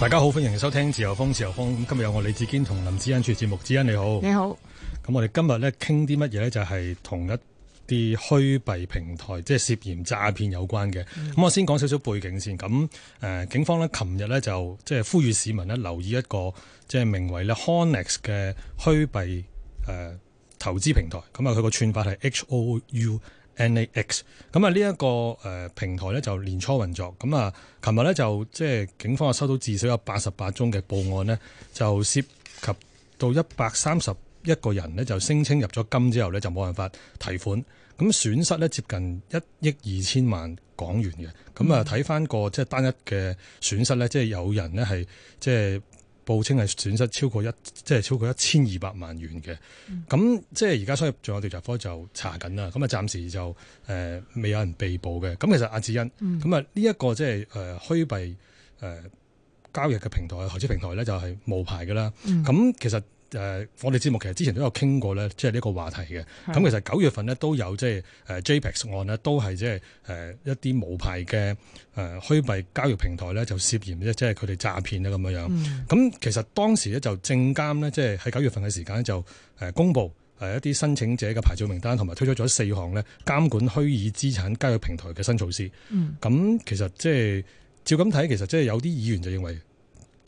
大家好，歡迎收聽自由風。自由風，今日有我李志堅同林志恩主持節目。志恩你好，你好。咁我哋今日咧傾啲乜嘢咧？就係、是、同一啲虛幣平台，即、就、係、是、涉嫌詐騙有關嘅。咁、嗯、我先講少少背景先。咁誒、呃，警方咧，琴日咧就即係、就是、呼籲市民咧留意一個即係、就是、名為咧 Hounax 嘅虛幣誒、呃、投資平台。咁啊，佢個串法係 H O U。NAX 咁啊，呢一個誒平台咧就年初運作，咁啊，琴日咧就即係警方啊收到至少有八十八宗嘅報案咧，就涉及到一百三十一個人咧，就聲稱入咗金之後咧就冇辦法提款，咁損失咧接近一億二千萬港元嘅，咁啊睇返個即係單一嘅損失咧，即係有人咧係即係。報稱係損失超過一，即、就、係、是、超過一千二百萬元嘅。咁即係而家所以仲有調查科就查緊啦。咁啊暫時就誒、呃、未有人被捕嘅。咁其實阿志恩，咁啊呢一個即係誒虛幣誒交易嘅平台、投資平台咧，就係無牌嘅啦。咁、嗯、其實。誒、呃，我哋節目其實之前都有傾過咧，即係呢個話題嘅。咁其實九月份呢，都有即係 JPEX 案呢都係即係一啲無牌嘅誒虛幣交易平台咧，就涉嫌即係佢哋詐騙啊咁樣。咁、嗯、其實當時咧就證監呢，即係喺九月份嘅時間就公佈一啲申請者嘅牌照名單，同埋推出咗四項呢監管虛擬資產交易平台嘅新措施。咁其實即係照咁睇，其實即、就、係、是、有啲議員就認為。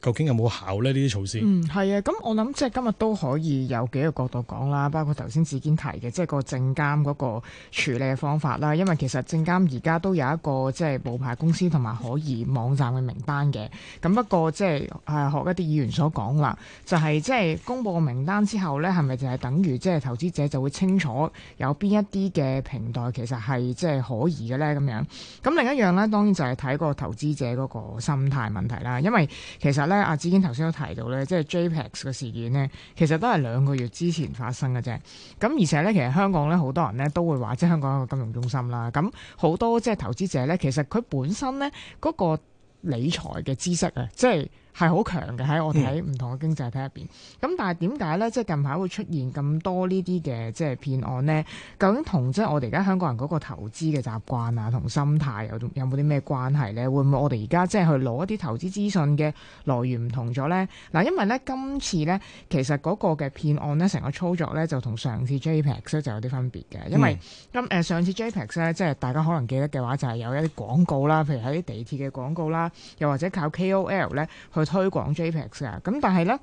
究竟有冇效呢？呢啲措施嗯，係啊，咁我諗即係今日都可以有幾個角度講啦，包括頭先子堅提嘅，即係個證監嗰個處理嘅方法啦。因為其實證監而家都有一個即係無牌公司同埋可疑網站嘅名單嘅。咁不過即係誒、啊、學一啲議員所講啦，就係即係公佈個名單之後咧，係咪就係等於即係投資者就會清楚有邊一啲嘅平台其實係即係可疑嘅咧？咁樣，咁另一樣咧，當然就係睇個投資者嗰個心態問題啦。因為其實。阿子健頭先都提到咧，即係 JPEX 個事件呢，其實都係兩個月之前發生嘅啫。咁而且呢，其實香港呢，好多人呢都會話，即係香港係一個金融中心啦。咁好多即係投資者呢，其實佢本身呢，嗰、嗰個理財嘅知識啊，即係。係好強嘅，喺我哋喺唔同嘅經濟體入面，咁、嗯、但係點解咧？即係近排會出現咁多呢啲嘅即係騙案咧？究竟同即係我哋而家香港人嗰個投資嘅習慣啊，同心態有有冇啲咩關係咧？會唔會我哋而家即係去攞一啲投資資訊嘅來源唔同咗咧？嗱，因為咧今次咧其實嗰個嘅騙案咧成個操作咧就同上次 JPEX 咧就有啲分別嘅、嗯。因為咁上次 JPEX 咧即係大家可能記得嘅話就係有一啲廣告啦，譬如喺啲地鐵嘅廣告啦，又或者靠 KOL 咧。去推廣 JPEX 嘅，咁但係咧。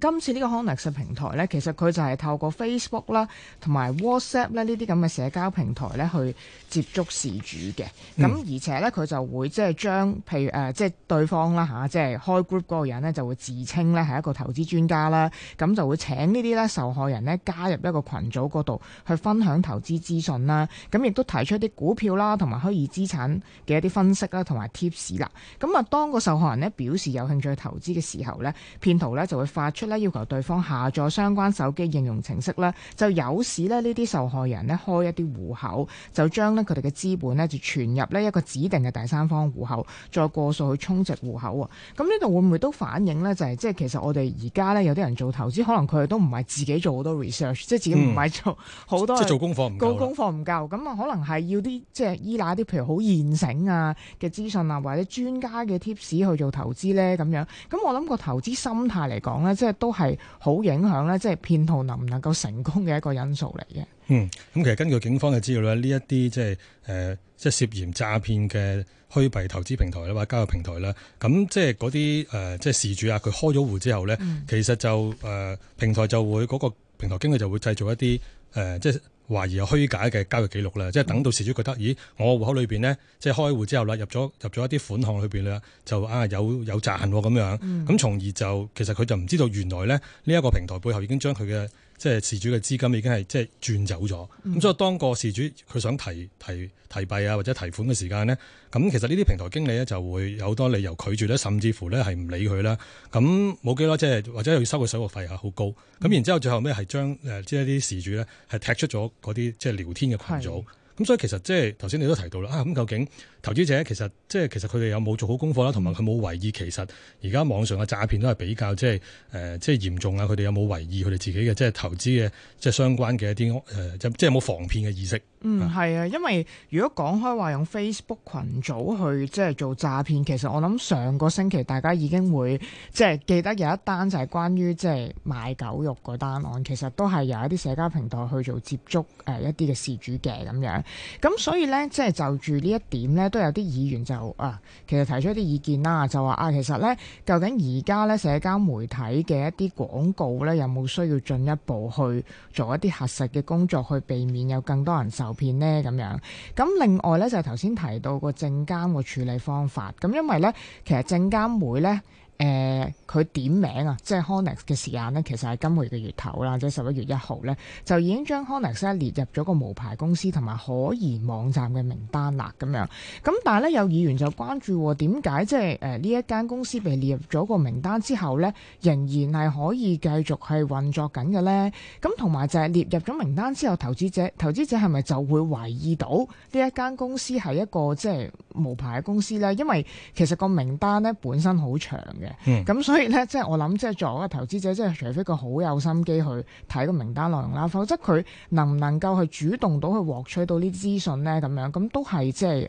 今次呢個 Hounax 平台咧，其實佢就係透過 Facebook 啦，同埋 WhatsApp 咧呢啲咁嘅社交平台咧去接觸事主嘅。咁、嗯、而且咧，佢就會即係將譬如誒即係對方啦吓，即、啊、係、就是、開 group 嗰個人咧，就會自稱咧係一個投資專家啦。咁就會請呢啲咧受害人咧加入一個群組度去分享投資資訊啦。咁亦都提出啲股票啦，同埋虛擬資產嘅一啲分析啦，同埋 tips 啦。咁啊，當個受害人咧表示有興趣去投資嘅時候咧，騙徒咧就會發出。要求對方下載相關手機應用程式咧，就有時咧呢啲受害人咧開一啲戶口，就將咧佢哋嘅資本咧就存入呢一個指定嘅第三方戶口，再過數去充值戶口啊。咁呢度會唔會都反映咧？就係即係其實我哋而家咧有啲人做投資，可能佢哋都唔係自己做好多 research，即係自己唔係做好多、嗯、即係做功課唔夠功課唔夠咁啊。可能係要啲即係依賴啲譬如好現成啊嘅資訊啊，或者專家嘅 tips 去做投資咧咁樣。咁我諗個投資心態嚟講咧，即係。都係好影響咧，即係騙徒能唔能夠成功嘅一個因素嚟嘅。嗯，咁其實根據警方嘅資料咧，呢一啲即係誒，即、呃、係、就是、涉嫌詐騙嘅虛幣投資平台啦，或者交易平台啦，咁即係嗰啲誒，即係事主啊，佢開咗戶之後咧、嗯，其實就誒、呃，平台就會嗰、那個平台經理就會製造一啲誒，即、呃、係。就是懷疑有虛假嘅交易記錄啦，即係等到事主覺得，咦，我戶口裏面咧，即係開戶之後啦，入咗入咗一啲款項裏面咧，就啊有有賺喎、哦、咁樣，咁、嗯、從而就其實佢就唔知道原來咧呢一個平台背後已經將佢嘅。即係事主嘅資金已經係即係轉走咗，咁、嗯、所以當個事主佢想提提提幣啊或者提款嘅時間咧，咁其實呢啲平台經理咧就會有好多理由拒絕咧，甚至乎咧係唔理佢啦。咁冇機咯，即係或者要收佢手續費啊好高。咁然之後最後尾係將誒即係啲事主咧係踢出咗嗰啲即係聊天嘅群組。咁所以其實即係頭先你都提到啦啊，咁、嗯、究竟，投資者其實即係其實佢哋有冇做好功課啦，同埋佢冇懷疑其實而家網上嘅詐騙都係比較、呃、即係誒即係嚴重啊！佢哋有冇懷疑佢哋自己嘅即係投資嘅即係相關嘅一啲誒、呃、即即係冇防騙嘅意識？嗯，係啊，因為如果講開話用 Facebook 群組去即係做詐騙，其實我諗上個星期大家已經會即係記得有一單就係關於即係賣狗肉嗰單案，其實都係有一啲社交平台去做接觸誒一啲嘅事主嘅咁樣。咁所以咧，即係就住呢一點咧都有啲議員就啊，其實提出一啲意見啦，就話啊，其實咧，究竟而家咧社交媒體嘅一啲廣告咧，有冇需要進一步去做一啲核實嘅工作，去避免有更多人受騙呢？咁樣咁另外呢，就頭先提到個證監嘅處理方法，咁因為呢，其實證監會呢。誒、呃、佢點名啊，即係 Hounax 嘅時間呢，其實係今個月嘅月頭啦，即係十一月一號呢，就已經將 Hounax 列入咗個無牌公司同埋可疑網站嘅名單啦，咁樣。咁但係呢，有議員就關注點解即係呢、呃、一間公司被列入咗個名單之後呢，仍然係可以繼續係運作緊嘅呢？咁同埋就係列入咗名單之後，投資者投資者係咪就會懷疑到呢一間公司係一個即係無牌嘅公司呢？因為其實個名單呢本身好長嘅。咁、嗯、所以咧，即係我諗，即係作為投資者，即係除非佢好有心機去睇個名單內容啦，否則佢能唔能夠去主動到去獲取到啲資訊呢？咁樣咁都係即係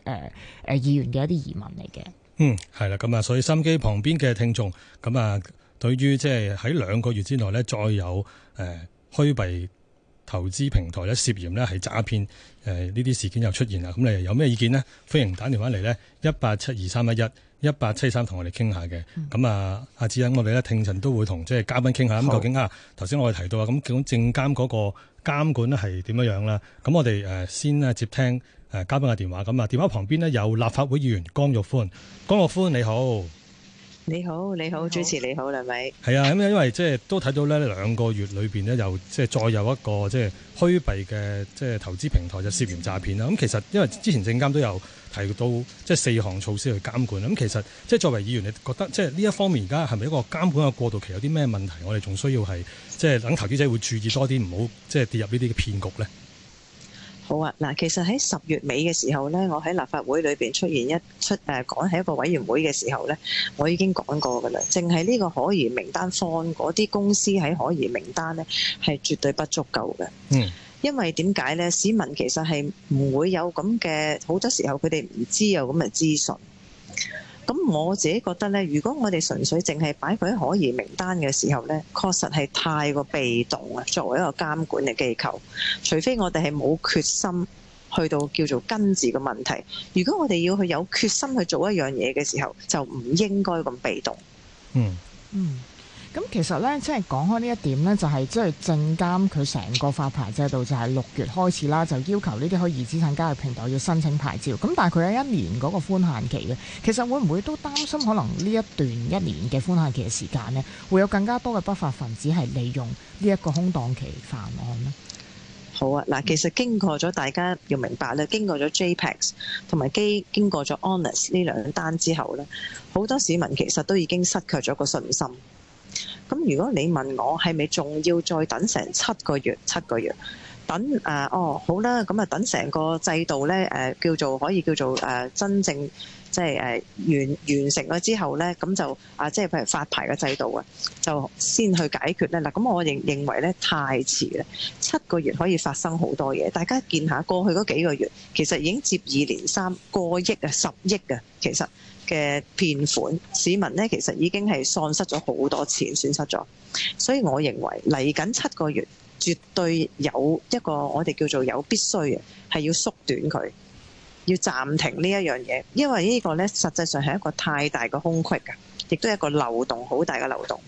誒誒，議員嘅一啲疑問嚟嘅。嗯，係啦，咁啊，所以心機旁邊嘅聽眾，咁啊，對於即係喺兩個月之內呢，再有誒虛幣投資平台咧，涉嫌呢係詐騙誒呢啲事件又出現啦，咁你有咩意見呢？歡迎打電話嚟呢，一八七二三一一。一八七三，同我哋傾下嘅。咁啊，阿志欣，我哋咧聽陣都會同即係嘉賓傾下。咁究竟啊，頭先我哋提到啊，咁咁究竟證監嗰個監管咧係點樣樣啦？咁我哋先接聽誒嘉賓嘅電話。咁啊，電話旁邊呢，有立法會議員江玉歡，江玉歡你好。你好，你好主持你好，係咪？係啊，咁因為即係都睇到咧，兩個月裏邊咧，又即係再有一個即係虛幣嘅即係投資平台就涉嫌詐騙啦。咁其實因為之前證監都有提到即係四項措施去監管。咁其實即係作為議員，你覺得即係呢一方面而家係咪一個監管嘅過渡期有啲咩問題？我哋仲需要係即係等投資者會注意多啲，唔好即係跌入呢啲嘅騙局呢？好啊，嗱，其實喺十月尾嘅時候咧，我喺立法會裏邊出現一出誒、啊、講喺一個委員會嘅時候咧，我已經講過噶啦，淨係呢個可疑名單方嗰啲公司喺可疑名單咧，係絕對不足夠嘅。嗯，因為點解咧？市民其實係唔會有咁嘅，好多時候佢哋唔知有咁嘅資訊。咁我自己覺得咧，如果我哋純粹淨係擺佢喺可疑名單嘅時候咧，確實係太過被動喇。作為一個監管嘅機構，除非我哋係冇決心去到叫做根治嘅問題。如果我哋要去有決心去做一樣嘢嘅時候，就唔應該咁被動。嗯嗯。咁其實咧，即係講開呢一點呢，就係即係證監佢成個發牌制度就係六月開始啦，就要求呢啲虛擬資產交易平台要申請牌照。咁但係佢有一年嗰個寬限期嘅，其實會唔會都擔心可能呢一段一年嘅寬限期嘅時間呢，會有更加多嘅不法分子係利用呢一個空檔期犯案呢？好啊，嗱，其實經過咗大家要明白咧，經過咗 JPEX 同埋基經過咗 Hounax 呢兩單之後呢，好多市民其實都已經失去咗個信心。咁如果你問我係咪仲要再等成七個月？七個月等誒哦，好啦，咁啊等成個制度咧誒叫做可以叫做誒真正即係誒完完成咗之後咧，咁就啊即係譬如發牌嘅制度啊，就先去解決咧。嗱，咁我認認為咧太遲啦，七個月可以發生好多嘢。大家見下過去嗰幾個月，其實已經接二連三過億啊，十億啊，其實。嘅騙款，市民咧其實已經係喪失咗好多錢，損失咗。所以我認為嚟緊七個月，絕對有一個我哋叫做有必須嘅，係要縮短佢，要暫停呢一樣嘢，因為個呢個咧實際上係一個太大嘅空隙㗎，亦都係一個漏洞，好大嘅漏洞。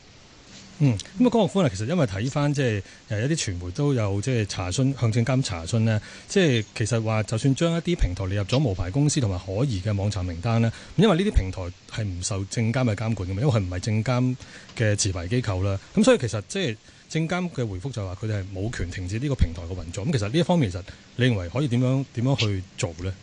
嗯，咁啊，江玉歡，其實因為睇翻即係誒一啲傳媒都有即係查詢，向證監查詢呢。即係其實話就算將一啲平台列入咗無牌公司同埋可疑嘅網站名單呢，因為呢啲平台係唔受證監嘅監管㗎嘛，因為佢唔係證監嘅持牌機構啦，咁所以其實即係證監嘅回覆就係話佢哋係冇權停止呢個平台嘅運作。咁其實呢一方面其實你認為可以點樣點樣去做呢？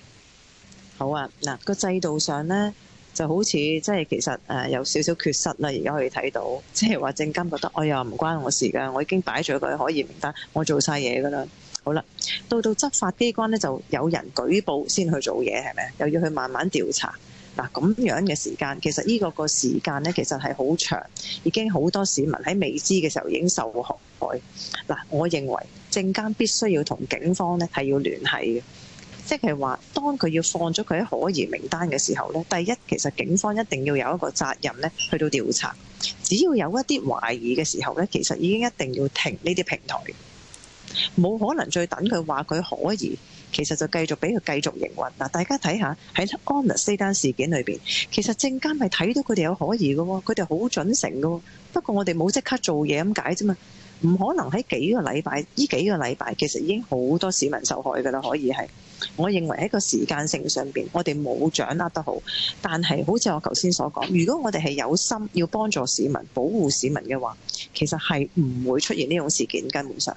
好啊，嗱，個制度上呢。就好似即係其實誒、呃、有少少缺失啦，而家可以睇到，即係話證監覺得哎呀，唔關我事㗎，我已經擺咗個可疑名單，我做晒嘢㗎啦。好啦，到到執法機關咧就有人舉報先去做嘢係咪？又要去慢慢調查嗱咁、啊、樣嘅時間，其實呢個個時間咧其實係好長，已經好多市民喺未知嘅時候已經受害，害。嗱、啊，我認為證監必須要同警方咧係要聯繫嘅。即係話，當佢要放咗佢喺可疑名單嘅時候咧，第一其實警方一定要有一個責任咧，去到調查。只要有一啲懷疑嘅時候咧，其實已經一定要停呢啲平台，冇可能再等佢話佢可疑，其實就繼續俾佢繼續營運。嗱，大家睇下喺 Hounax 呢單事件裏邊，其實證監係睇到佢哋有可疑嘅喎，佢哋好準誠嘅喎，不過我哋冇即刻做嘢咁解啫嘛。唔可能喺幾個禮拜，呢幾個禮拜其實已經好多市民受害㗎喇，可以係。我認為喺個時間性上邊，我哋冇掌握得好。但係好似我頭先所講，如果我哋係有心要幫助市民、保護市民嘅話，其實係唔會出現呢種事件根本上。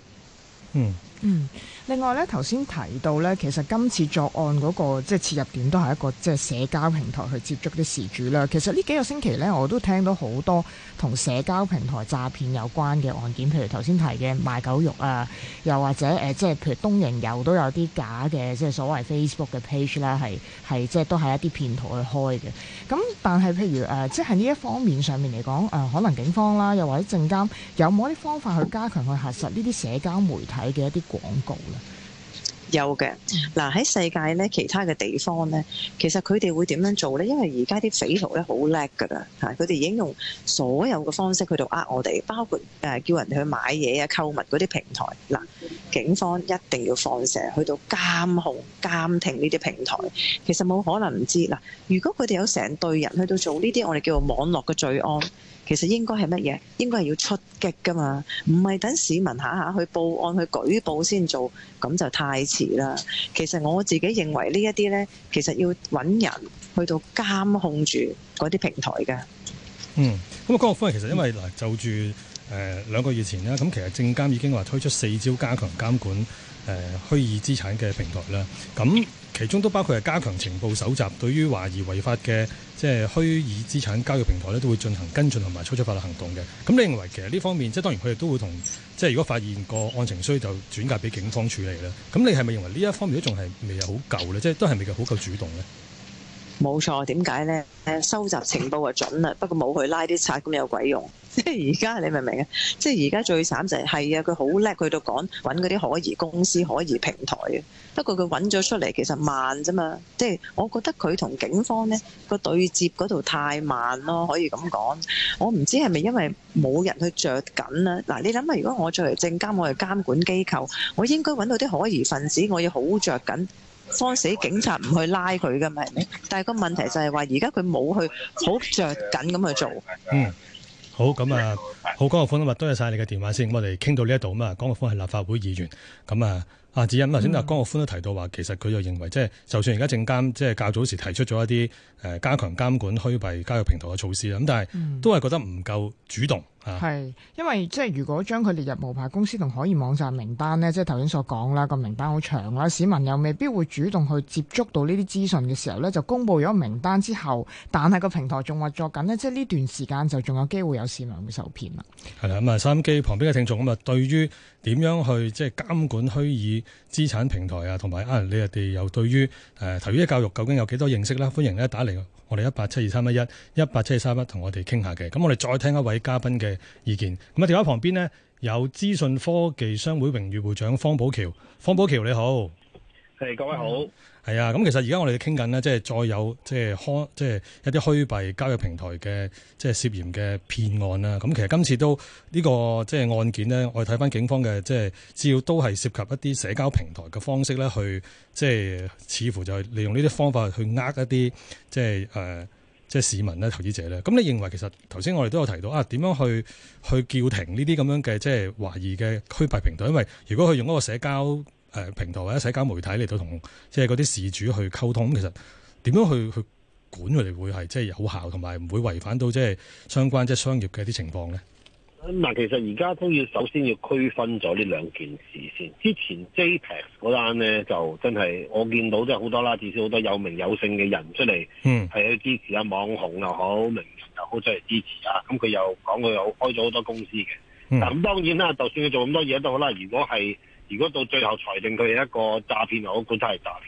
嗯嗯。另外咧，頭先提到咧，其實今次作案嗰、那個即係切入點都係一個即係社交平台去接觸啲事主啦。其實呢幾個星期咧，我都聽到好多同社交平台詐騙有關嘅案件，譬如頭先提嘅賣狗肉啊，又或者、呃、即係譬如東瀛遊都有啲假嘅即係所謂 Facebook 嘅 page 啦，係係即係都係一啲騙徒去開嘅。咁但係譬如、呃、即係呢一方面上面嚟講、呃，可能警方啦，又或者證監有冇一啲方法去加強去核實呢啲社交媒體嘅一啲廣告咧？有嘅，嗱、啊、喺世界咧其他嘅地方咧，其實佢哋會點樣做咧？因為而家啲匪徒咧好叻㗎啦，嚇佢哋已經用所有嘅方式去到呃我哋，包括誒、呃、叫人去買嘢啊、購物嗰啲平台。嗱、啊，警方一定要放蛇去到監控、監聽呢啲平台，其實冇可能唔知。嗱、啊，如果佢哋有成隊人去到做呢啲，我哋叫做網絡嘅罪案。其實應該係乜嘢？應該係要出擊㗎嘛，唔係等市民下下去報案、去舉報先做，咁就太遲啦。其實我自己認為呢一啲呢，其實要揾人去到監控住嗰啲平台嘅。嗯，咁、那、啊、個，江玉歡其實因為嗱，就住誒兩個月前咧，咁其實證監已經話推出四招加強監管誒虛擬資產嘅平台啦。咁其中都包括係加強情報搜集，對於懷疑違法嘅。即係虛擬資產交易平台咧，都會進行跟進同埋採取法律行動嘅。咁你認為其實呢方面，即當然佢哋都會同即係如果發現個案情需要就轉介俾警方處理咧。咁你係咪認為呢一方面都仲係未有好夠呢？即係都係未夠好夠主動呢？冇錯，點解呢？收集情報就準啦，不過冇去拉啲賊，咁有鬼用？即係而家你明唔明啊？即係而家最慘就係係啊，佢好叻，佢喺度講揾嗰啲可疑公司、可疑平台啊。不過佢揾咗出嚟，其實慢啫嘛。即係我覺得佢同警方呢個對接嗰度太慢咯，可以咁講。我唔知係咪因為冇人去著緊呢、啊？嗱，你諗下，如果我作為證監，我係監管機構，我應該揾到啲可疑分子，我要好著緊。方死警察唔去拉佢噶咪？但係個問題就係話，而家佢冇去好着緊咁去做。嗯，好，咁啊，好，江玉歡啊嘛，多謝晒你嘅電話先，我哋傾到呢一度啊嘛，江玉歡係立法會議員，咁啊。阿子欣頭先，阿、嗯、江玉歡都提到話，其實佢又認為，即、就是、就算而家證監即係、就是、較早時提出咗一啲誒加強監管虛擬交易平台嘅措施啦，咁但係、嗯、都係覺得唔夠主動。係、嗯啊，因為即係如果將佢列入無牌公司同可疑網站名單呢，即係頭先所講啦，個名單好長啦，市民又未必會主動去接觸到呢啲資訊嘅時候呢，就公布咗名單之後，但係個平台仲運作緊呢，即係呢段時間就仲有機會有市民會受騙啦。係啦，咁、嗯、啊，收音機旁邊嘅聽眾咁啊、嗯，對於。點樣去即係監管虛擬資產平台啊？同埋啊，你哋又對於誒投資教育究竟有幾多認識啦？歡迎咧打嚟我哋一八七二三一一一八七二三一同我哋傾下嘅。咁我哋再聽一位嘉賓嘅意見。咁啊，電話旁邊呢，有資訊科技商會榮譽會長方保僑。方保僑，你好。係，各位好。係啊，咁其實而家我哋傾緊呢，即係再有即係開，即係一啲虛幣交易平台嘅，即係涉嫌嘅騙案啦。咁其實今次都呢、呢個即係案件呢，我哋睇翻警方嘅，即係主要都係涉及一啲社交平台嘅方式咧，去即係似乎就係利用呢啲方法去呃一啲即係誒即係市民咧、投資者咧。咁你認為其實頭先我哋都有提到啊，點樣去去叫停呢啲咁樣嘅即係懷疑嘅虛幣平台？因為如果佢用嗰個社交誒平台或者社交媒體嚟到同即係嗰啲事主去溝通，其實點樣去去管佢哋會係即係有效，同埋唔會違反到即係相關即係商業嘅一啲情況咧？嗱，其實而家都要首先要區分咗呢兩件事先。之前 JPEX 嗰單咧，就真係我見到即係好多啦，至少好多有名有姓嘅人出嚟，嗯，係去支持啊，網紅又好，名人又好出嚟支持啊。咁佢又講佢又開咗好多公司嘅。咁、嗯、當然啦，就算佢做咁多嘢都好啦，如果係如果到最後裁定佢係一個詐騙，我覺得係詐騙。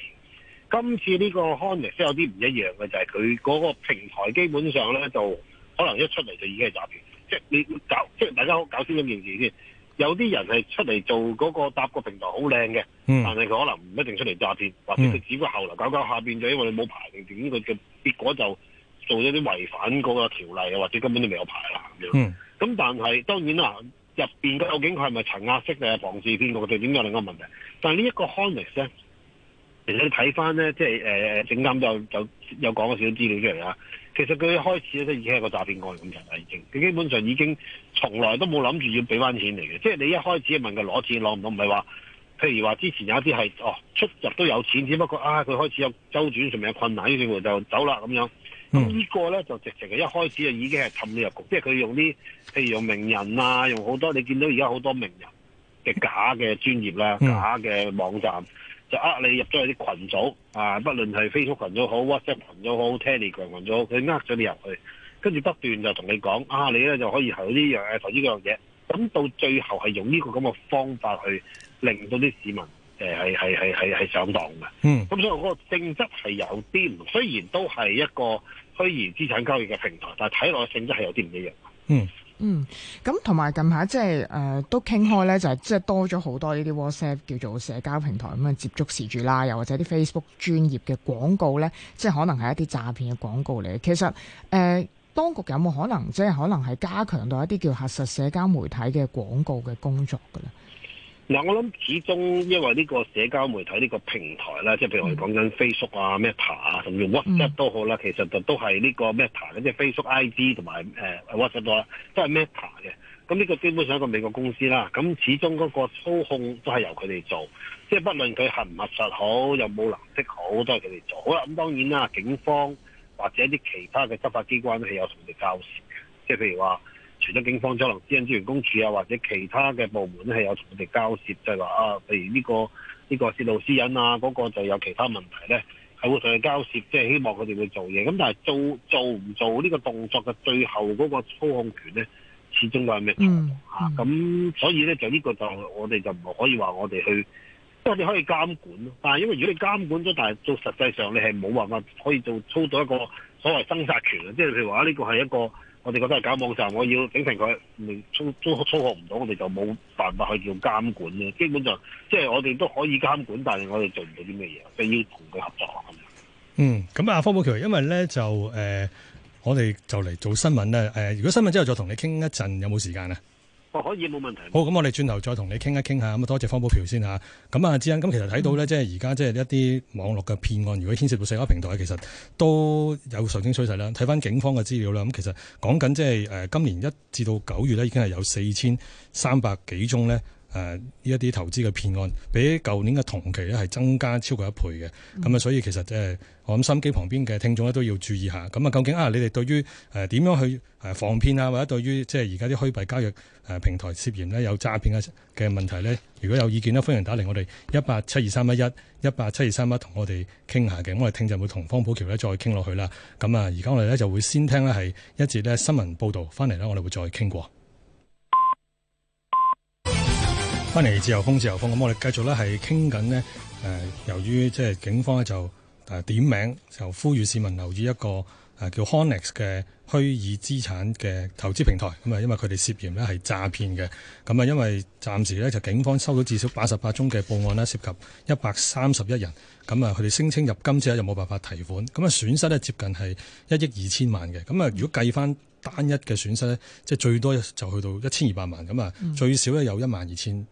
今次呢個 Hounax 先有啲唔一樣嘅，就係佢嗰個平台基本上咧就可能一出嚟就已經係詐騙，即係你搞即係大家好搞清楚件事先，有啲人係出嚟做嗰、嗰個搭個平台好靚嘅，但係佢可能唔一定出嚟詐騙，或者佢只不過後來搞搞，搞下變就因為你冇牌定點，佢嘅結果就做咗啲違反嗰個條例啊，或者根本都未有牌啦咁樣。咁、嗯、但係當然啦。入邊究竟佢係咪層壓式定係龐氏騙局定點樣另一個問題？但係呢，你看呢是、呃、就了一個 Hounax 咧，其實你睇翻咧，即係誒證監就就有講咗少少資料出嚟啊。其實佢一開始咧已經係個詐騙案咁樣啦，已經佢基本上已經從來都冇諗住要俾翻錢嚟嘅。即係你一開始問佢攞錢攞唔攞，唔係話譬如話之前有一啲係哦出入都有錢，只不過啊佢開始有周轉上面有困難，於是就走啦咁樣。咁、嗯、呢個咧就直情係一開始就已經係氹你入局，即係佢用啲譬如用名人啊，用好多你見到而家好多名人嘅假嘅專業啦、嗯、假嘅網站，就呃你入咗去啲群組啊，不論係 Facebook 群組好、WhatsApp 群組好、Telegram 群組好，佢呃咗你入去，跟住不斷就同你講啊，你咧就可以投呢樣嘢投呢樣嘢，咁到最後係用呢個咁嘅方法去令到啲市民誒係係係係係上當嘅。咁、嗯、所以嗰個性質係有啲唔，雖然都係一個虛擬資產交易嘅平台，但係睇落性質係有啲唔一樣。嗯嗯，咁同埋近排即係誒都傾開咧，就係即係多咗好多呢啲 WhatsApp 叫做社交平台咁樣接觸事主啦，又或者啲 Facebook 專業嘅廣告咧，即係可能係一啲詐騙嘅廣告嚟。其實誒、呃，當局有冇可能即係可能係加強到一啲叫核實社交媒體嘅廣告嘅工作嘅咧？嗱、嗯，我諗始終因為呢個社交媒體呢個平台啦，即係譬如我哋講緊 Facebook 啊、Meta 啊，mm -hmm. 甚至 WhatsApp 都好啦，其實就都係呢個 Meta 咧，即係 Facebook、IG 同埋誒 WhatsApp 啦，都係 Meta 嘅。咁、嗯、呢、這個基本上一個美國公司啦，咁始終嗰個操控都係由佢哋做，即係不論佢核唔核實好，有冇藍色好，都係佢哋做。好啦，咁、嗯、當然啦，警方或者啲其他嘅執法機關都係有同佢哋交涉嘅，即係譬如話。除咗警方、交通私人資源公署啊，或者其他嘅部門，係有同佢哋交涉，即係話啊，譬如呢、這個呢、這個泄露私隱啊，嗰、那個就有其他問題咧，係會同佢交涉，即、就、係、是、希望佢哋去做嘢。咁但係做做唔做呢個動作嘅最後嗰個操控權咧，始終都係咩？嚇、嗯、咁、嗯，所以咧就呢個就我哋就唔可以話我哋去，即係我哋可以監管，但係因為如果你監管咗，但係做實際上你係冇辦法可以做操到一個所謂生殺權、就是、啊，即係譬如話呢個係一個。我哋覺得搞網站，我要整成佢，明操粗學唔到，我哋就冇辦法去做監管。基本上，即係我哋都可以監管，但係我哋做唔到啲咩嘢，就要同佢合作。嗯，咁、嗯、啊、嗯，方保僑，因為咧就誒、呃，我哋就嚟做新聞咧、呃。如果新聞之後再同你傾一陣，有冇時間啊？哦、可以冇問題。好，咁我哋轉頭再同你傾一傾下。咁多謝方保僑先嚇。咁啊，志恩，咁、啊、其實睇到咧，嗯、即係而家即係一啲網絡嘅騙案，如果牽涉到社交平台，其實都有上升趨勢啦。睇翻警方嘅資料啦，咁、啊、其實講緊即係誒今年一至到九月咧，已經係有四千三百幾宗咧。誒呢一啲投資嘅騙案，比舊年嘅同期呢係增加超過一倍嘅。咁、嗯、啊，所以其實即、呃、我諗心機旁邊嘅聽眾呢都要注意一下。咁啊，究竟啊，你哋對於誒點、呃、樣去放防騙啊，或者對於即係而家啲虛幣交易、呃、平台涉嫌呢有詐騙嘅嘅問題呢？如果有意見呢歡迎打嚟我哋一八七二三一一，一八七二三一同我哋傾下嘅。咁我哋聽日就會同方保僑呢再傾落去啦。咁啊，而家我哋呢就會先聽呢係一節呢新聞報導，翻嚟呢我哋會再傾過。翻嚟自由風，自由風。咁我哋繼續咧係傾緊呢，由於即係警方咧就誒點名就呼籲市民留意一個、呃、叫 Hounax 嘅虛擬資產嘅投資平台咁啊，因為佢哋涉嫌呢係詐騙嘅。咁啊，因為暫時呢，就警方收到至少八十八宗嘅報案呢涉及一百三十一人咁啊，佢哋聲稱入金之後又冇辦法提款，咁啊損失呢，接近係一億二千萬嘅，咁啊如果計翻單一嘅損失呢，即係最多就去到一千二百萬咁啊，最少呢，有一萬二千。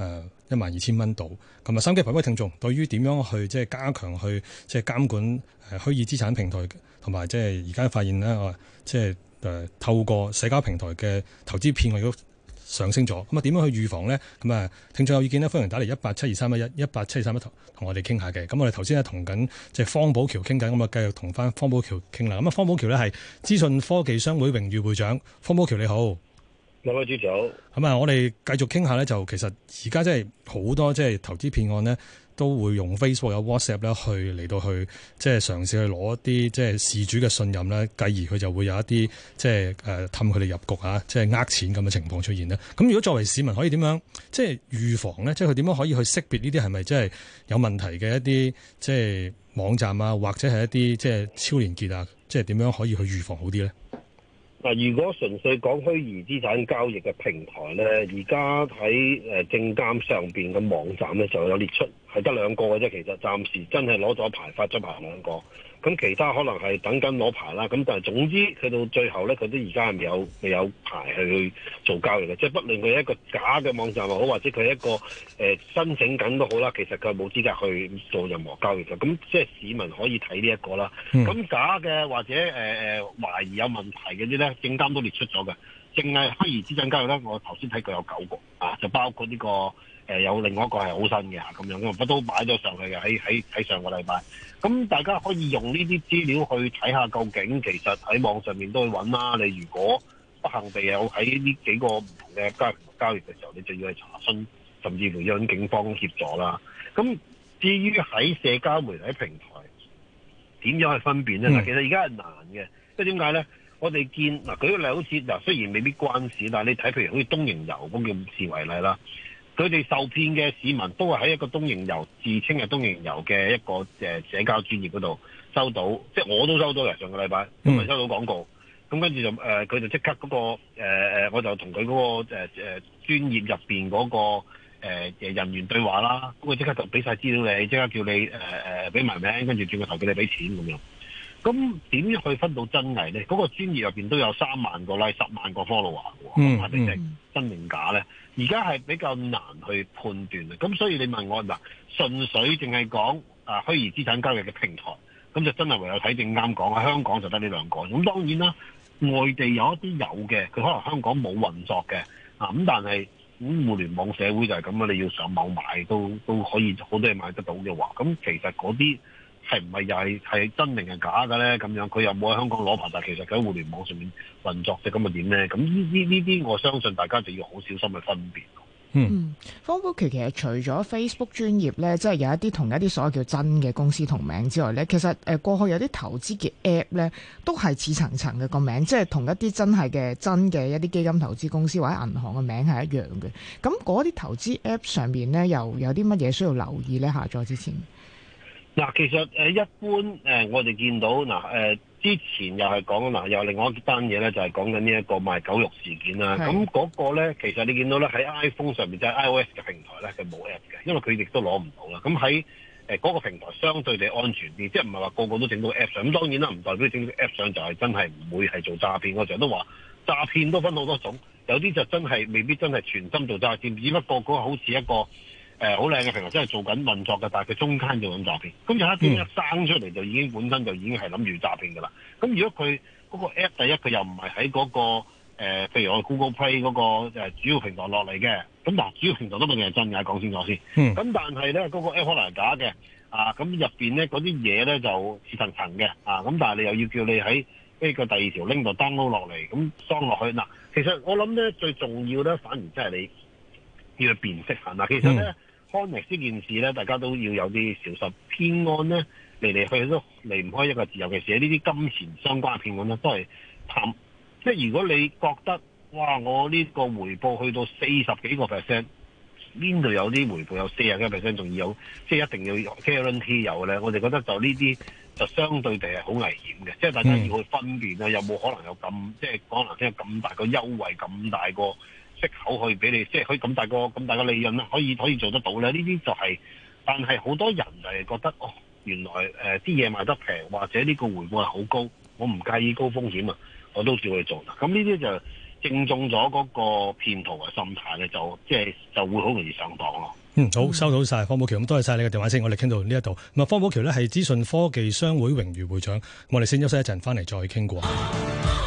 誒一萬二千蚊度，咁啊，三級台位聽眾對於點樣去即係加強去即係監管誒虛擬資產平台，同埋即係而家發現呢，啊，即係誒透過社交平台嘅投資騙案都上升咗，咁啊點樣去預防呢？咁啊，聽眾有意見呢，歡迎打嚟一八七二三一一，一八七二三一同我哋傾下嘅。咁我哋頭先咧同緊即係方保僑傾緊，咁啊繼續同翻方保僑傾啦。咁啊，方保僑呢係資訊科技商會榮譽會長，方保僑你好。各位主持好，咁啊，我哋繼續傾下咧，就其實而家即係好多即係投資騙案呢，都會用 Facebook 有 WhatsApp 咧去嚟到去，即係嘗試去攞一啲即係事主嘅信任咧，繼而佢就會有一啲即係誒氹佢哋入局啊，即係呃錢咁嘅情況出現呢，咁如果作為市民可以點樣即係預防呢？即係佢點樣可以去識別呢啲係咪即係有問題嘅一啲即係網站啊，或者係一啲即係超連結啊？即係點樣可以去預防好啲呢？嗱，如果純粹講虛擬資產交易嘅平台呢，而家喺誒證監上邊嘅網站呢就有列出，係得兩個嘅啫。其實暫時真係攞咗牌，發咗牌兩個。咁其他可能係等緊攞牌啦，咁但係總之佢到最後咧，佢都而家係未有未有牌去做交易嘅，即係不論佢一個假嘅網站又好，或者佢一個、呃、申請緊都好啦，其實佢冇資格去做任何交易嘅。咁即係市民可以睇呢一個啦。咁、嗯、假嘅或者誒誒、呃、懷疑有問題嘅啲咧，證監都列出咗嘅。淨係虛擬資產交易咧，我頭先睇佢有九個啊，就包括呢、呢個、呃、有另外一個係好新嘅啊咁樣嘅，不都擺咗上去嘅喺喺喺上個禮拜。咁大家可以用呢啲資料去睇下究竟其實喺網上面都去揾啦。你如果不幸地有喺呢幾個唔同嘅交易交易嘅時候，你就要去查詢，甚至乎要警方協助啦。咁至於喺社交媒體平台點樣去分辨呢？嗱、嗯，其實而家係難嘅，即係點解呢？我哋見嗱舉個例好，好似嗱雖然未必關事，但係你睇譬如好似東瀛遊咁嘅事為例啦。佢哋受騙嘅市民都係喺一個東瀛遊，自稱係東瀛遊嘅一個誒、呃、社交專業嗰度收到，即係我都收到嘅。上個禮拜，咁咪收到廣告，咁跟住就誒佢、呃、就即刻嗰、那個誒、呃、我就同佢嗰個誒誒專業入邊嗰個誒、呃、人員對話啦，咁佢即刻就俾晒資料你，即刻叫你誒誒俾埋名，跟住轉個頭俾你俾錢咁樣。咁點樣去分到真偽咧？嗰、那個專業入邊都有三萬個 like，十萬個 follower，我、嗯、睇、嗯、真真定假咧？而家係比較難去判斷啦，咁所以你問我嗱，純粹淨係講啊虛擬資產交易嘅平台，咁就真係唯有睇正啱講，香港就得呢兩個，咁當然啦，外地有一啲有嘅，佢可能香港冇運作嘅啊，咁但係咁互聯網社會就係咁，你要上網買都都可以好多嘢買得到嘅話，咁其實嗰啲。係唔係又係係真定係假嘅咧？咁樣佢又冇喺香港攞牌，但係其實喺互聯網上面運作嘅。係咁又點咧？咁呢啲呢啲，我相信大家就要好小心去分辨。嗯，方保僑其實除咗 Facebook 專頁咧，即係有一啲同一啲所謂叫真嘅公司同名字之外咧，其實誒過去有啲投資嘅 app 咧，都係似層層嘅個名，即係同一啲真係嘅真嘅一啲基金投資公司或者銀行嘅名係一樣嘅。咁嗰啲投資 app 上面咧，又有啲乜嘢需要留意咧？下載之前。嗱，其實一般誒，我哋見到嗱之前又係講嗱，又另外一單嘢咧，就係講緊呢一個賣狗肉事件啦。咁嗰個咧，其實你見到咧喺 iPhone 上面就係 iOS 嘅平台咧，佢冇 app 嘅，因為佢亦都攞唔到啦。咁喺嗰個平台，相對地安全啲，即係唔係話個個都整到 app 上。咁當然啦，唔代表整到 app 上就係真係唔會係做詐騙。我成日都話詐騙都分好多種，有啲就真係未必真係全心做詐騙，只不過嗰個個好似一個，誒好靚嘅平台，真係做緊運作嘅，但係佢中間就咁詐騙。咁有一啲一生出嚟就已經、嗯、本身就已經係諗住詐騙㗎啦。咁如果佢嗰、嗰個 App 第一佢又唔係喺嗰個、呃、譬如我 Google Play 嗰、嗰個、呃、主要平台落嚟嘅。咁但係主要平台都問嘅係真㗎，講清楚先說。咁、嗯、但係咧嗰個 App 可能係假嘅。啊，咁入面咧嗰啲嘢咧就似層層嘅。啊，咁但係你又要叫你喺呢個第二條 link 度 download 落嚟，咁裝落去嗱、啊。其實我諗咧，最重要咧，反而真係你要辨識係、嗯、其實咧。嗯 c o 呢件事咧，大家都要有啲小心。騙案咧，嚟嚟去去都離唔開一個字，尤其是呢啲金錢相關嘅騙案咧，都係貪。即係如果你覺得哇，我呢個回報去到四十幾個 percent，邊度有啲回報有四十幾個 percent，仲要有，即係一定要 guarantee 有咧，我哋覺得就呢啲就相對地係好危險嘅。即係大家要去分辨啦、啊，有冇可能有咁，即係可能有咁大個優惠，咁大個。息口可以俾你，即係可以咁大個咁大個利潤啦，可以可以做得到咧。呢啲就係、是，但係好多人就係覺得，哦，原來誒啲嘢賣得平，或者呢個回報係好高，我唔介意高風險啊，我都叫佢做。咁呢啲就正中咗嗰個騙徒嘅心態嘅，就即係就會好容易上當咯。嗯，好，收到晒方保僑，咁多謝晒你嘅電話先，我哋傾到呢一度。咁啊，方保僑呢係資訊科技商會榮譽會長，我哋先休息一陣，翻嚟再傾過。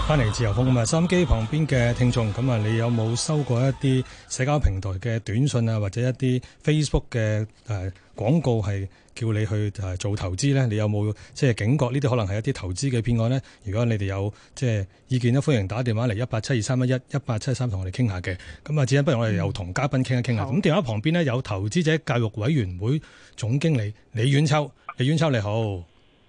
翻嚟自由風啊嘛，收音機旁邊嘅聽眾，咁啊，你有冇收過一啲社交平台嘅短信啊，或者一啲 Facebook 嘅誒？廣告係叫你去誒做投資呢？你有冇即係警覺呢啲可能係一啲投資嘅騙案呢？如果你哋有即係意見都歡迎打電話嚟一八七二三一一一八七三同我哋傾下嘅。咁啊，只不如我哋又同嘉賓傾一傾下。咁、嗯、電話旁邊呢，有投資者教育委員會總經理李婉秋，李婉秋你好。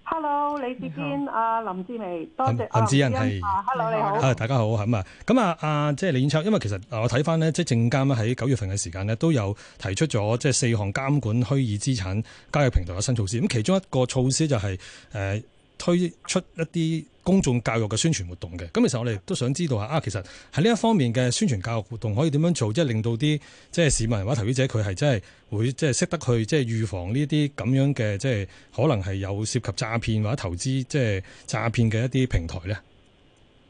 hello，李志堅，阿林志明，多謝林,恩是 hello, 林志恩係、啊、，hello 你好，係、uh, 大家好咁啊，咁啊，阿即係李演昌，因為其實我睇翻呢，即係證監喺九月份嘅時間呢都有提出咗即係四項監管虛擬資產交易平台嘅新措施，咁其中一個措施就係、是、誒。Uh, 推出一啲公眾教育嘅宣傳活動嘅，咁其實我哋都想知道下啊，其實喺呢一方面嘅宣傳教育活動可以點樣做，即係令到啲即係市民或者投資者佢係真係會即係識得去即係預防呢啲咁樣嘅即係可能係有涉及詐騙或者投資即係詐騙嘅一啲平台咧。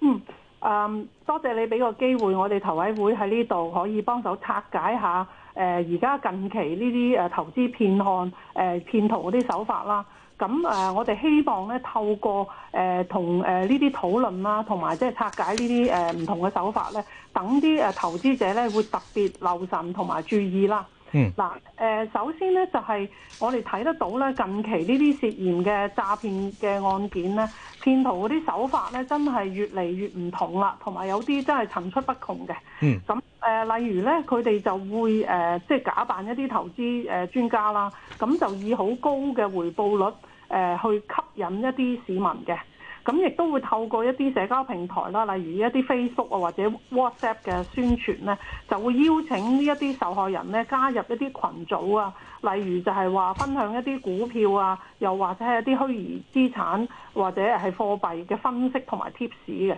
嗯，誒、um,，多謝你俾個機會，我哋投委會喺呢度可以幫手拆解下，誒、呃，而家近期呢啲誒投資騙案、誒、呃、騙徒嗰啲手法啦。咁誒，我哋希望咧透過誒同誒呢啲討論啦，同埋即係拆解呢啲誒唔同嘅手法咧，等啲誒投資者咧會特別留神同埋注意啦。嗯，嗱，誒，首先咧就係我哋睇得到咧，近期呢啲涉嫌嘅詐騙嘅案件咧，騙徒嗰啲手法咧，真係越嚟越唔同啦，同埋有啲真係層出不窮嘅。嗯，咁誒，例如咧，佢哋就會誒，即係假扮一啲投資誒專家啦，咁就以好高嘅回報率誒去吸引一啲市民嘅。咁亦都會透過一啲社交平台啦，例如一啲 Facebook 啊或者 WhatsApp 嘅宣傳咧，就會邀請呢一啲受害人咧加入一啲群組啊，例如就係話分享一啲股票啊，又或者係一啲虛擬資產或者係貨幣嘅分析同埋 tips 嘅。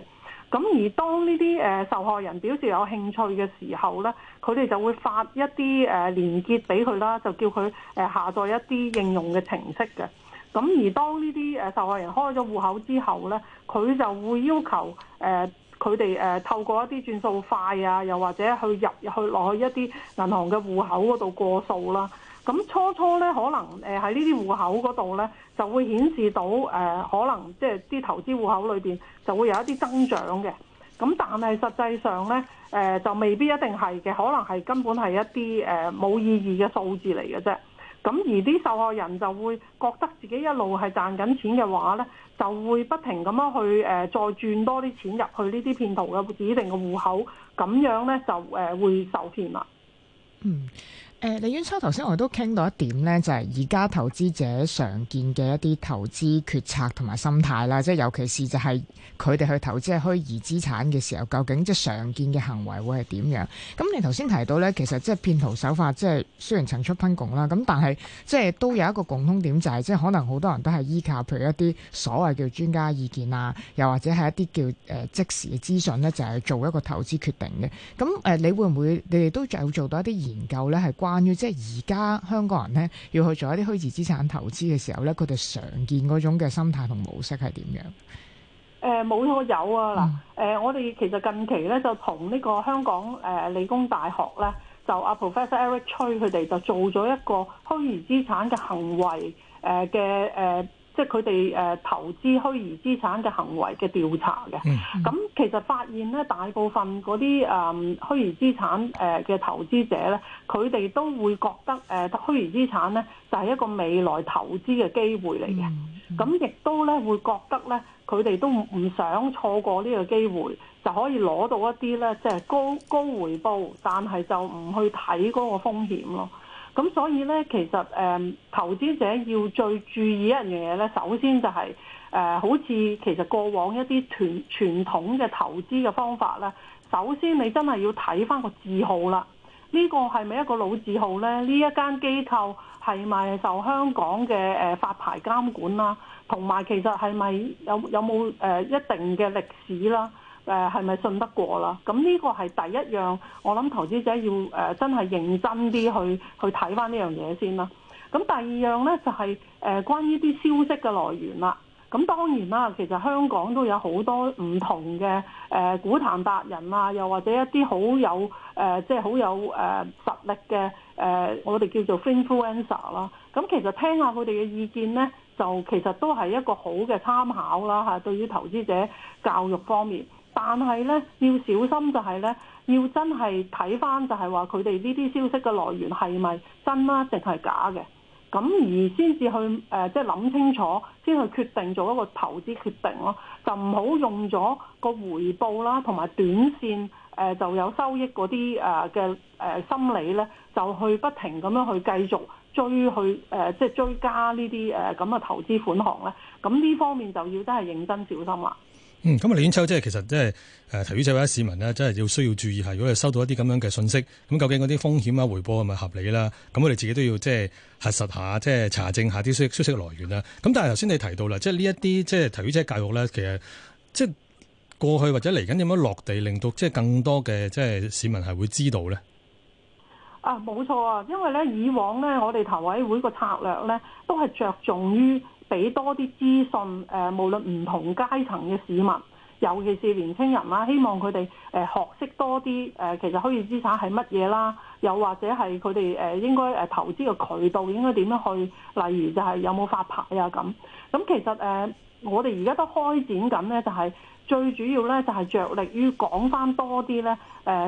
咁而當呢啲誒受害人表示有興趣嘅時候咧，佢哋就會發一啲誒連結俾佢啦，就叫佢誒下載一啲應用嘅程式嘅。咁而當呢啲受害人開咗戶口之後咧，佢就會要求佢哋、呃、透過一啲轉數快啊，又或者去入去落去一啲銀行嘅戶口嗰度過數啦。咁、嗯、初初咧可能喺呢啲戶口嗰度咧就會顯示到、呃、可能即係啲投資戶口裏面就會有一啲增長嘅。咁、嗯、但係實際上咧、呃、就未必一定係嘅，可能係根本係一啲冇、呃、意義嘅數字嚟嘅啫。咁而啲受害人就會覺得自己一路係賺緊錢嘅話呢，就會不停咁樣去誒再轉多啲錢入去呢啲騙徒嘅指定嘅戶口，咁樣呢就誒會受騙啦。嗯。誒、呃，李婉秋，頭先我哋都傾到一點咧，就係而家投資者常見嘅一啲投資決策同埋心態啦，即係尤其是就係佢哋去投資虛擬資產嘅時候，究竟即係常見嘅行為會係點樣？咁你頭先提到咧，其實即係騙徒手法，即係雖然層出不窮啦，咁但係即係都有一個共通點，就係即係可能好多人都係依靠譬如一啲所謂叫專家意見啊，又或者係一啲叫誒即時嘅資訊咧，就係、是、做一個投資決定嘅。咁誒，你會唔會你哋都有做到一啲研究咧？係關關於即係而家香港人咧，要去做一啲虛擬資產投資嘅時候咧，佢哋常見嗰種嘅心態同模式係點樣？誒冇錯有啊，嗱。誒、嗯呃，我哋其實近期咧就同呢個香港誒、呃、理工大學咧，就阿、啊、Professor Eric 崔，佢哋就做咗一個虛擬資產嘅行為誒嘅誒。呃即係佢哋誒投資虛擬資產嘅行為嘅調查嘅，咁其實發現咧，大部分嗰啲誒虛擬資產誒嘅投資者咧，佢哋都會覺得誒虛擬資產咧就係一個未來投資嘅機會嚟嘅，咁亦都咧會覺得咧佢哋都唔想錯過呢個機會，就可以攞到一啲咧即係高高回報，但係就唔去睇嗰個風險咯。咁所以咧，其實誒、嗯、投資者要最注意的一樣嘢咧，首先就係、是、誒、呃、好似其實過往一啲傳傳統嘅投資嘅方法咧，首先你真係要睇返個字號啦。呢、這個係咪一個老字號咧？呢一間機構係咪受香港嘅誒、呃、發牌監管啦？同埋其實係咪有有冇誒、呃、一定嘅歷史啦？誒係咪信得過啦？咁呢個係第一樣，我諗投資者要誒真係認真啲去去睇返呢樣嘢先啦。咁第二樣呢，就係、是、誒關於啲消息嘅來源啦。咁當然啦，其實香港都有好多唔同嘅誒股壇達人啊，又或者一啲好有誒即係好有誒實力嘅誒、呃、我哋叫做 influencer 啦。咁其實聽下佢哋嘅意見呢，就其實都係一個好嘅參考啦嚇。對於投資者教育方面。但係咧，要小心就係咧，要真係睇返就係話佢哋呢啲消息嘅來源係咪真啦，定係假嘅？咁而先至去呃，即係諗清楚，先去決定做一個投資決定咯。就唔好用咗個回報啦，同埋短線、呃、就有收益嗰啲嘅心理咧，就去不停咁樣去繼續追去即係、呃即係、追加呢啲誒咁嘅投資款項咧。咁呢方面就要真係認真小心啦。嗯，咁啊，李婉秋即係其實即係誒，投資者或者，市民呢，真係要需要注意下，如果你收到一啲咁樣嘅信息，咁究竟嗰啲風險啊、回報係咪合理啦？咁我哋自己都要即係、就是、核實下，即、就、係、是、查證一下啲消消息嘅來源啦。咁但係頭先你提到啦，即係呢一啲即係投資者教育咧，其實即係、就是、過去或者嚟緊有冇落地，令到即係更多嘅即係市民係會知道呢？啊，冇錯啊，因為咧以往咧，我哋投委會個策略咧，都係着重於。俾多啲資訊，無論唔同階層嘅市民，尤其是年輕人啦，希望佢哋學識多啲，其實虛擬資產係乜嘢啦，又或者係佢哋應該投資嘅渠道應該點樣去，例如就係有冇發牌啊咁。咁其實我哋而家都在開展緊咧，就係最主要咧就係着力於講翻多啲咧，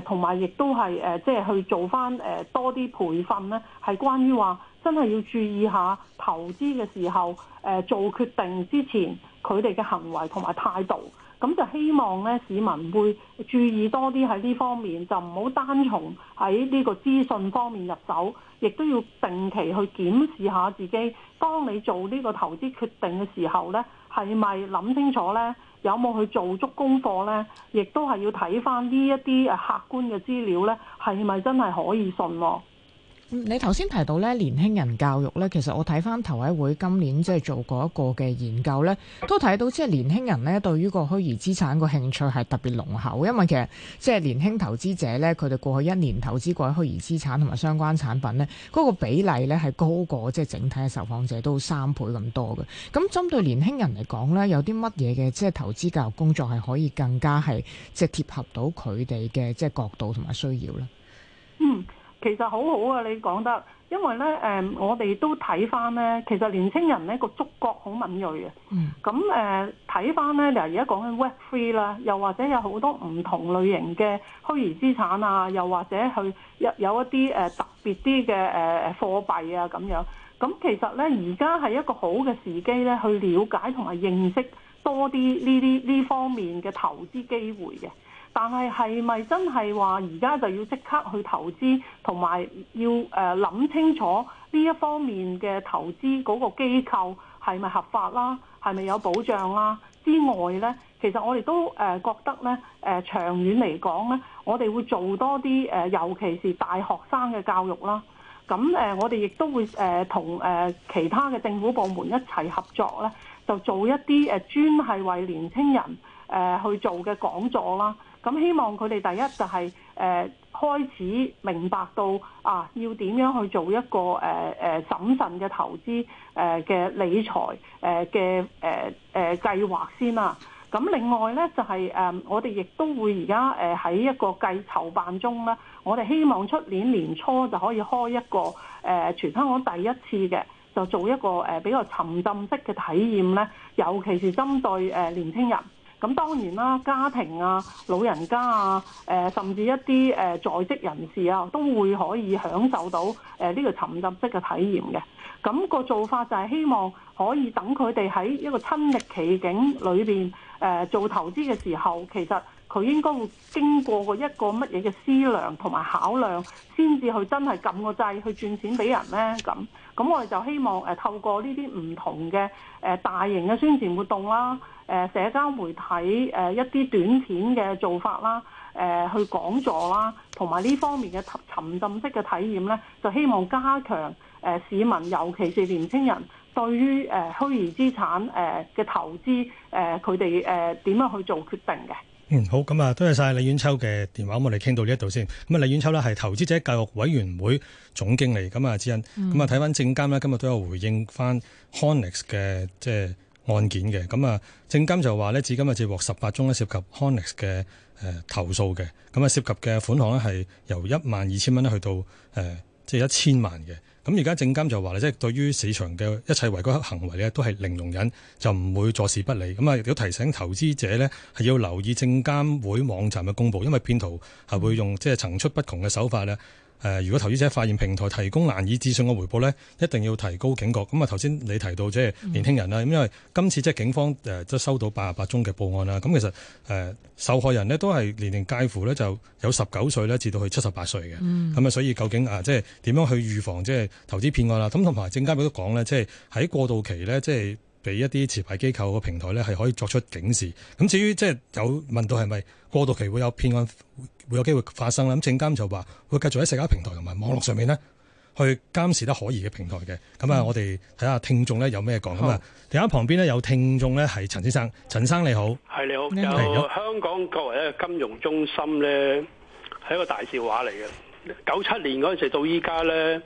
同埋亦都係即係去做翻多啲培訓咧，係關於話。真係要注意下投資嘅時候，誒做決定之前佢哋嘅行為同埋態度，咁就希望咧市民會注意多啲喺呢方面，就唔好單從喺呢個資訊方面入手，亦都要定期去檢視下自己。當你做呢個投資決定嘅時候咧，係咪諗清楚咧？有冇去做足功課咧？亦都係要睇翻呢一啲誒客觀嘅資料咧，係咪真係可以信？你頭先提到咧年輕人教育咧，其實我睇翻投委會今年即係做過一個嘅研究咧，都睇到即係年輕人咧對於個虛擬資產個興趣係特別濃厚，因為其實即係年輕投資者咧，佢哋過去一年投資過虛擬資產同埋相關產品咧，嗰個比例咧係高過即係整體嘅受訪者都三倍咁多嘅。咁針對年輕人嚟講咧，有啲乜嘢嘅即係投資教育工作係可以更加係即係貼合到佢哋嘅即係角度同埋需要咧？嗯。其實好好啊，你講得，因為咧誒、呃，我哋都睇翻咧，其實年青人咧個觸覺好敏銳嘅。嗯。咁誒睇翻咧，嗱而家講緊 Web3 啦，又或者有好多唔同類型嘅虛擬資產啊，又或者去有有一啲、呃、特別啲嘅誒貨幣啊咁樣。咁其實咧，而家係一個好嘅時機咧，去了解同埋認識多啲呢啲呢方面嘅投資機會嘅。但係係咪真係話而家就要即刻去投資，同埋要誒諗清楚呢一方面嘅投資嗰個機構係咪合法啦，係咪有保障啦？之外呢，其實我哋都誒覺得呢，誒長遠嚟講呢，我哋會做多啲誒，尤其是大學生嘅教育啦。咁誒，我哋亦都會誒同誒其他嘅政府部門一齊合作呢，就做一啲誒專係為年青人誒去做嘅講座啦。咁希望佢哋第一就係誒開始明白到啊，要點樣去做一個誒誒審慎嘅投資誒嘅理財誒嘅誒誒計劃先啦。咁另外咧就係誒我哋亦都會而家誒喺一個計籌辦中啦。我哋希望出年年初就可以開一個誒全香港第一次嘅，就做一個誒比較沉浸式嘅體驗咧，尤其是針對誒年輕人。咁當然啦，家庭啊、老人家啊、誒甚至一啲誒在職人士啊，都會可以享受到誒呢個沉浸式嘅體驗嘅。咁、嗰個做法就係希望可以等佢哋喺一個親歷其境裏邊誒做投資嘅時候，其實佢應該會經過個一個乜嘢嘅思量同埋考量，先至去真係撳個掣去轉錢俾人咧。咁咁我哋就希望誒透過呢啲唔同嘅誒大型嘅宣傳活動啦、啊。誒社交媒體誒一啲短片嘅做法啦，誒去講座啦，同埋呢方面嘅沉浸式嘅體驗咧，就希望加強誒市民，尤其是年青人對於誒虛擬資產誒嘅投資誒，佢哋誒點樣去做決定嘅。嗯，好，咁啊，多謝晒李婉秋嘅電話，我哋傾到呢一度先。咁啊，李婉秋咧係投資者教育委員會總經理，咁啊，之、嗯、恩，咁啊，睇翻證監咧，今日都有回應翻 Hounax 嘅即係。案件嘅咁啊，證監就話呢，至今啊接獲十八宗咧涉及 Hounax 嘅、呃、投訴嘅咁啊，涉及嘅款項呢，係由一萬二千蚊去到即係一千萬嘅咁。而家證監就話咧，即係對於市場嘅一切違規行為呢，都係零容忍，就唔會坐視不理。咁啊，亦都提醒投資者呢，係要留意證監會網站嘅公佈，因為騙徒係會用即係層出不窮嘅手法呢。誒，如果投資者發現平台提供難以置信嘅回報咧，一定要提高警覺。咁啊，頭先你提到即係年輕人啦，咁、嗯、因為今次即係警方都收到八十八宗嘅報案啦。咁其實誒受害人呢都係年齡介乎呢就有十九歲呢至到去七十八歲嘅。咁、嗯、啊，所以究竟啊即係點樣去預防即係投資騙案啦？咁同埋證監會都講呢，即係喺過渡期呢，即係俾一啲持牌機構嘅平台呢係可以作出警示。咁至於即係有問到係咪過渡期會有騙案？會有機會發生啦，咁證監就話會繼續喺社交平台同埋網絡上面咧，去監視得可疑嘅平台嘅。咁、嗯、啊，我哋睇下聽眾咧有咩講。咁啊，電話旁邊咧有聽眾咧係陳先生，陳生你好，係你好。就香港作為一個金融中心咧，係一個大笑話嚟嘅。九七年嗰陣時候到依家咧，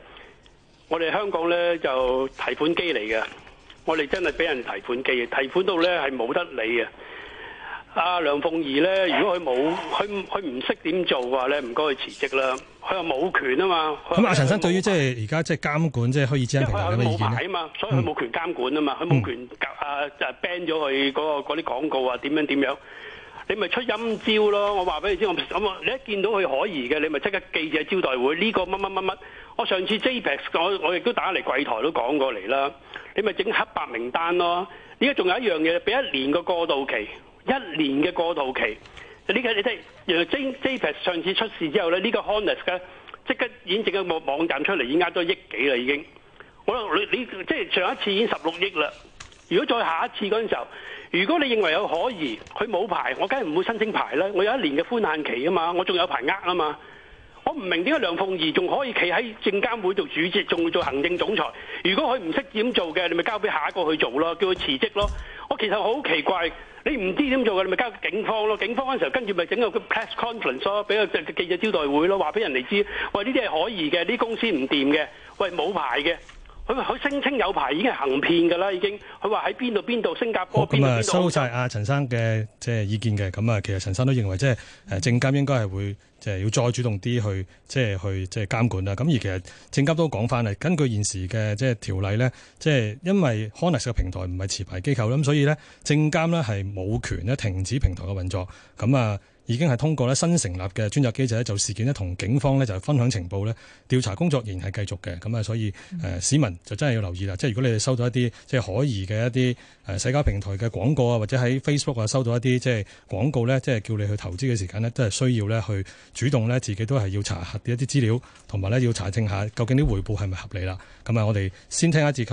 我哋香港咧就提款機嚟嘅，我哋真係俾人提款機，提款到咧係冇得理嘅。阿梁鳳儀咧，如果佢冇佢佢唔識點做嘅話咧，唔該佢辭職啦。佢又冇權啊嘛。咁、嗯、阿陳生對於即係而家即係監管即係可以知啦，因為佢冇牌啊嘛，所以佢冇權監管啊嘛，佢、嗯、冇權啊就、嗯 uh, ban 咗佢嗰個嗰啲廣告啊，點樣點樣？你咪出陰招咯。我話俾你知，咁你一見到佢可疑嘅，你咪即刻記者招待會呢、呢個乜乜乜乜。我上次 JPEX 我我亦都打嚟櫃台都講過嚟啦。你咪整黑白名單咯。依家仲有一樣嘢，俾一年個過渡期。一年嘅過渡期，呢個你睇，原來 J 上次出事之後咧，呢、這個 Hounax 咧即刻演成嘅網站出嚟，已經呃咗億幾啦已經。我話你即係上一次已經十六億啦，如果再下一次嗰陣時候，如果你認為有可疑，佢冇牌，我梗係唔會申請牌啦。我有一年嘅寬限期啊嘛，我仲有牌呃啊嘛。我唔明點解梁鳳儀仲可以企喺證監會做主席，仲會做行政總裁。如果佢唔識點做嘅，你咪交俾下一個去做咯，叫佢辭職咯。我其實好奇怪。你唔知點做嘅，你咪交警方囉。警方嗰時候跟住咪整個 press conference 囉，畀個記者招待會囉，話畀人哋知道。喂，呢啲係可疑嘅，啲公司唔掂嘅，喂，冇牌嘅。佢佢聲稱有牌已經係行騙㗎啦，已經佢話喺邊度邊度，新加坡邊度。咁啊，收晒阿陳生嘅即係意見嘅。咁啊，其實陳生都認為即係誒證監應該係會即係要再主動啲去即係去即係監管啦。咁而其實證監都講翻啦，根據現時嘅即係條例呢，即係因為 Hounax 嘅平台唔係持牌機構，咁所以呢，證監呢係冇權呢停止平台嘅運作。咁啊。已經係通過咧新成立嘅專責機制咧，就事件咧同警方咧就分享情報咧，調查工作仍然係繼續嘅。咁啊，所以誒、嗯呃、市民就真係要留意啦。即係如果你哋收到一啲即係可疑嘅一啲誒社交平台嘅廣告啊，或者喺 Facebook 啊收到一啲即係廣告咧，即係叫你去投資嘅時間咧，都係需要咧去主動咧自己都係要查核一啲資料，同埋咧要查證下究竟啲回報係咪合理啦。咁啊，我哋先聽一節